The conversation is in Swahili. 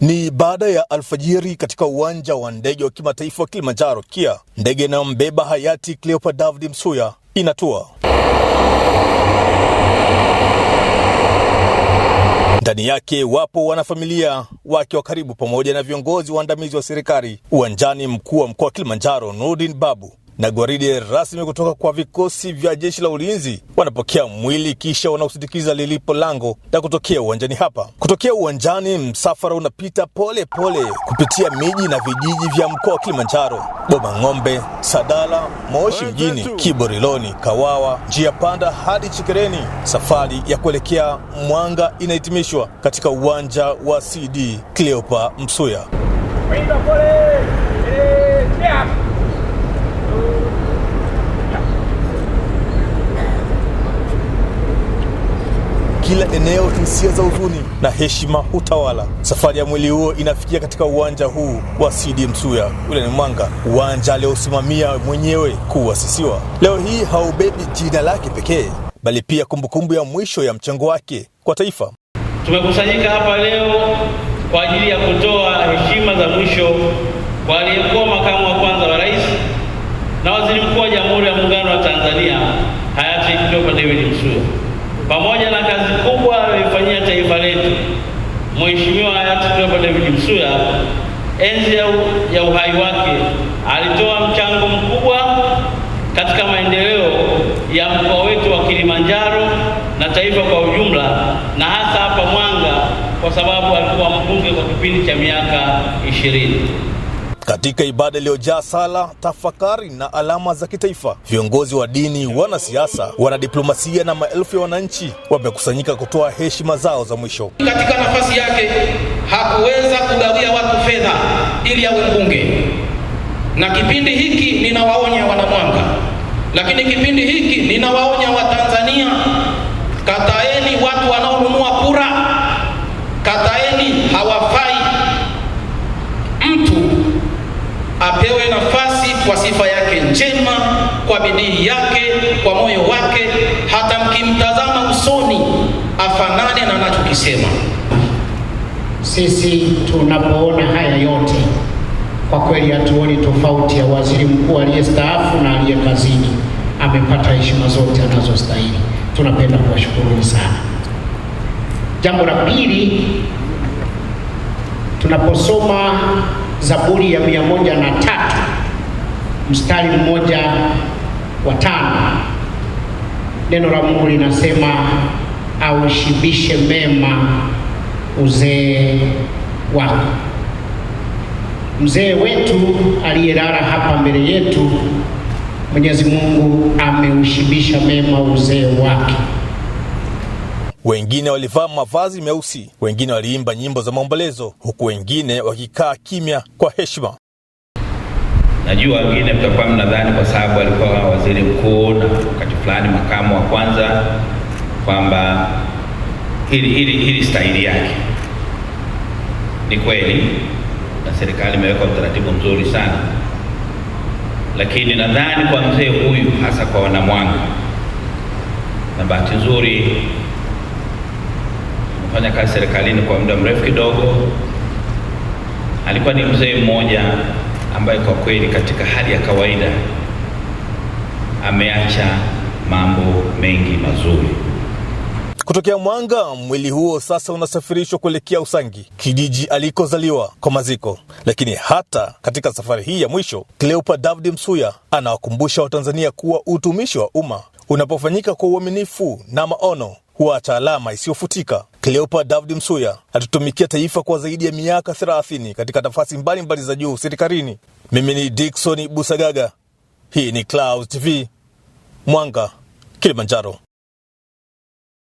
Ni baada ya alfajiri katika uwanja wa ndege wa kimataifa wa Kilimanjaro KIA, ndege inayombeba hayati Cleopa David Msuya inatua. Ndani yake wapo wanafamilia wake wa karibu pamoja na viongozi waandamizi wa serikali. Uwanjani, mkuu wa mkoa wa Kilimanjaro Nurdin Babu na gwaride rasmi kutoka kwa vikosi vya jeshi la ulinzi. Wanapokea mwili kisha wanaosindikiza lilipo lango na kutokea uwanjani hapa. Kutokea uwanjani, msafara unapita pole pole kupitia miji na vijiji vya mkoa wa Kilimanjaro: Boma Ng'ombe, Sadala, Moshi mjini, Kiboriloni, Kawawa, njia panda hadi Chikereni. Safari ya kuelekea Mwanga inahitimishwa katika uwanja wa CD Cleopa Msuya. kila eneo hisia za huzuni na heshima hutawala. Safari ya mwili huo inafikia katika uwanja huu wa cd Msuya ni Mwanga, uwanja aliosimamia mwenyewe kuuasisiwa. Leo hii haubebi jina lake pekee, bali pia kumbukumbu ya mwisho ya mchango wake kwa taifa. Tumekusanyika hapa leo kwa ajili ya kutoa heshima za mwisho kwa aliyekuwa makamu wa kwanza wa rais na waziri mkuu wa Jamhuri ya Muungano wa Tanzania hayati David Msuya pamoja na kazi kubwa aliyoifanyia taifa letu Mheshimiwa hayati Cleopa David Msuya, enzi ya uhai wake alitoa mchango mkubwa katika maendeleo ya mkoa wetu wa Kilimanjaro na taifa kwa ujumla, na hasa hapa Mwanga, kwa sababu alikuwa mbunge kwa kipindi cha miaka ishirini. Katika ibada iliyojaa sala, tafakari na alama za kitaifa, viongozi wa dini, wanasiasa, wanadiplomasia na maelfu ya wananchi wamekusanyika kutoa heshima zao za mwisho. Katika nafasi yake hakuweza kugawia watu fedha ili awe mbunge, na kipindi hiki ninawaonya wanamwanga, lakini kipindi hiki ninawaonya Watanzania, kataeni watu wanaonunua kura, kataeni hawa kwa sifa yake njema, kwa bidii yake, kwa moyo wake, hata mkimtazama usoni afanane na anachokisema. Sisi tunapoona haya yote, kwa kweli hatuoni tofauti ya waziri mkuu aliyestaafu na aliye kazini. Amepata heshima zote anazostahili. Tunapenda kuwashukuruni sana. Jambo la pili, tunaposoma Zaburi ya mia moja na tatu mstari mmoja wa tano neno la Mungu linasema aushibishe mema uzee wako. Mzee wetu aliyelala hapa mbele yetu, Mwenyezi Mungu ameushibisha mema uzee wake. Wengine walivaa mavazi meusi, wengine waliimba nyimbo za maombolezo, huku wengine wakikaa kimya kwa heshima. Najua wengine mtakuwa mnadhani kwa sababu alikuwa waziri mkuu na wakati fulani makamu wa kwanza kwamba hili hili hili stahili yake. Ni kweli na serikali imeweka utaratibu mzuri sana, lakini nadhani kwa mzee huyu, hasa kwa Wanamwanga, na bahati nzuri amefanya kazi serikalini kwa muda mrefu kidogo, alikuwa ni mzee mmoja ambaye kwa kweli katika hali ya kawaida ameacha mambo mengi mazuri. Kutokea Mwanga, mwili huo sasa unasafirishwa kuelekea Usangi, kijiji alikozaliwa kwa maziko. Lakini hata katika safari hii ya mwisho, Cleopa David Msuya anawakumbusha Watanzania kuwa utumishi wa umma unapofanyika kwa uaminifu na maono acha alama isiyofutika. Cleopa David Msuya atutumikia taifa kwa zaidi ya miaka 30 katika nafasi mbalimbali za juu serikalini. Mimi ni dikson Busagaga, hii ni Clouds TV, Mwanga, Kilimanjaro.